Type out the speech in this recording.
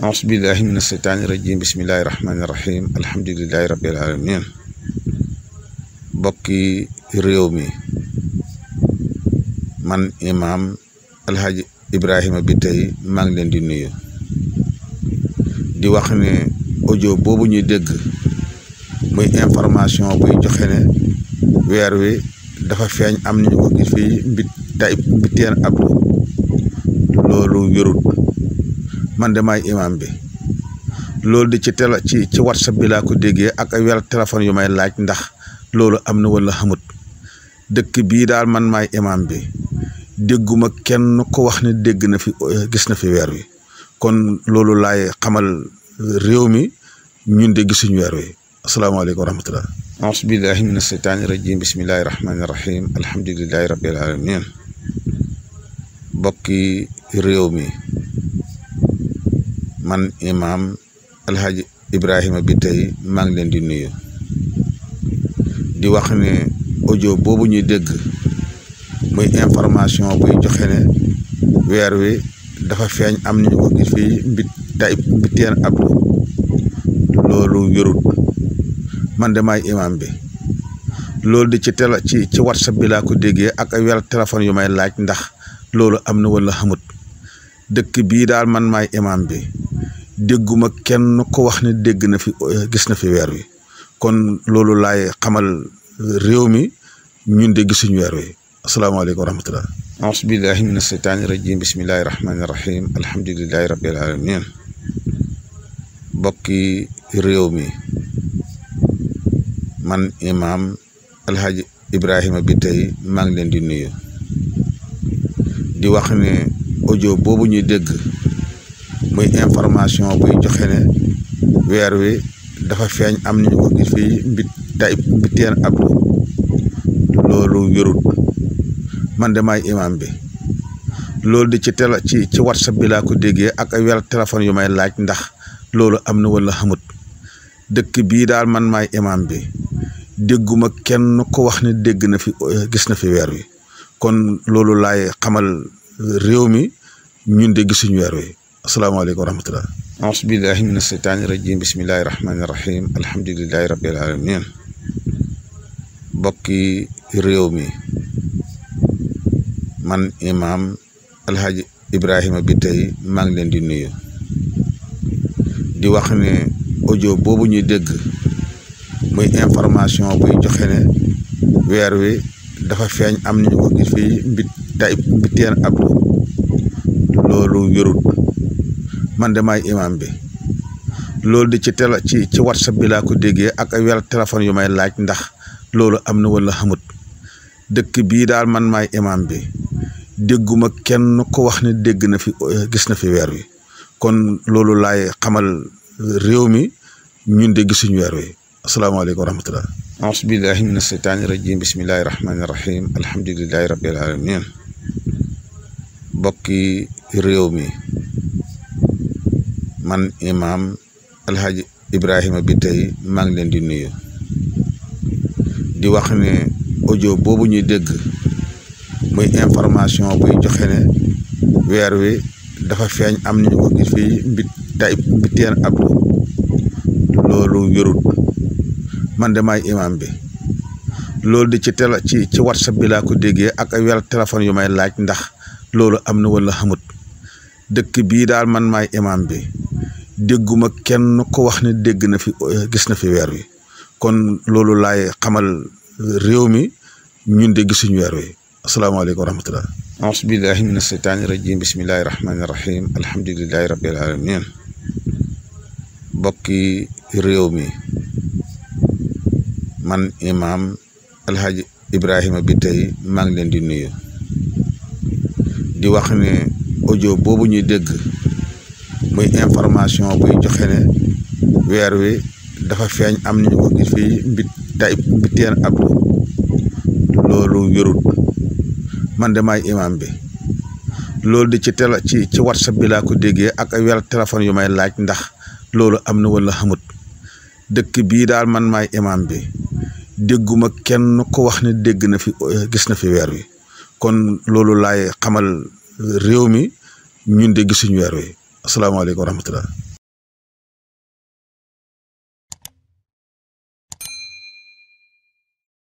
aus billahi min asheytaani rajim bismillahi rahmaani rahim alhamdulilahi rabbil alamin bokki réew mi man imaam alhaji ibrahima bi tey maa ngi leen di nuyu di wax ne audio boobu ñuy dégg muy information buy joxe ne weer wi dafa feeñ am nañu ko gis fii mbi tay mbiteen abdu loolu wérut man Imambe, imam bi lol di ci tele ci ci whatsapp bi la ko degge ak wel telephone yu may laaj ndax lolou amna wala hamut dekk bi dal man may imam bi degguma kenn ko wax ni na fi gis na fi wer wi kon lolou lay xamal rew mi ñun de gisun wer wi assalamu alaykum warahmatullahi A'udzu billahi minash shaitani rajim bismillahirrahmanirrahim alhamdulillahi rabbil alamin bokki rewmi man Imam alhaji ibrahim bi tay mang len di nuyu di wax ne audio bobu ñuy dégg muy information buy joxe ne wer wi dafa feñ am ñu ko gis fi tay abdu lolu man imam bi loolu di ci télé ci ci whatsapp bi la ko déggee ak ay weer yu may laaj ndax loolu amna wala xamut dekk bi dal man may imam bi dégguma kenn ko wax ne dégg na fi gis na fi weer wi kon loolu laay xamal réew mi ñun de gisuñu weer wi asalaamaaleykum wa rahmatullah aousu billahi min asheytaani rajim bismillahi rahmaani rahim alhamdulilahi rabbil alamin réew mi man imaam alhaji ibrahima bi tey maa ngi leen di nuyu di wax ne audio boobu ñuy dégg muy information buy joxe ne weer wi dafa feeñ am nañu ko gis fii mbi tay mbiteen abdu loolu wérut man de maay imam bi loolu di ci télé ci ci whatsapp bi laa déggee ak ay weer téléphone yu may laaj ndax loolu am na wala xamut dëkk bii daal man maay imam bi dégguma kenn ko wax ni dégg na fi gis na fi weer wi kon loolu laay xamal réew mi ñun de gisuñu weer wi asalaamaaleykum wa rahmatullah aasbillahi min asheytaani rajim bismillahi rahmaani rahim alamin bokki réew mi man imaam alhaji ibrahima bi tey maa ngi leen di nuyu di wax ne audio boobu ñuy dégg muy information buy joxe ne weer wi dafa feeñ am nañu ko gis fii mbi tay mbiteen abdu loolu wérut man damay imam bi lol di ci tele ci ci whatsapp bi la ko déggee ak wel telephone yu may laaj ndax lolou amna wala xamut dekk bi dal man may imam bi dégguma kenn ko wax ni dégg na fi gis na fi wer wi kon lolou lay xamal rew mi ñun de gisun wer wi assalamu alaykum warahmatullahi أعوذ بالله من الشيطان الرجيم بسم الله الرحمن الرحيم الحمد لله رب العالمين man imam alhaj ibrahim bi tay mang len di nuyu di wax ne audio bobu ñuy dégg muy information buy joxe ne wer wi dafa feñ am ñu ko gis fi mbi tay mbiteen abdu lolu wérut man damay imam bi loolu di ci tel ci ci whatsapp bi la ko déggee ak ay weer yu may laaj ndax loolu amna wala xamut dekk bi dal man may imam bi dégguma kenn ko wax ne dégg na fi gis na fi weer wi kon loolu laay xamal réew mi ñun de gisuñu weer wi asalaamaaleykum wa rahmatullah aousu billahi min asheytaani rajim bismillahi rahmaani rahim alhamdulilahi rabbil alamin bokki réew mi man imaam alhaji ibrahima bi tey maa ngi leen di nuyu di wax ne audio boobu ñuy dégg muy information buy joxe ne weer wi dafa feeñ am nañu ko gis fii mbi tay mbiteen abdu loolu wérut man de maay imam bi loolu di ci télé ci ci whatsapp déggee ak ay wel téléphone yu may laaj ndax loolu am na walla xamut dëkk bii daal man maay imam bi dégguma kenn ko wax ne dégg na fi gis na fi weer wi kon loolu laay xamal réew mi ñun de gisuñ weer wi asalaamaaleykum wa rahmatulah.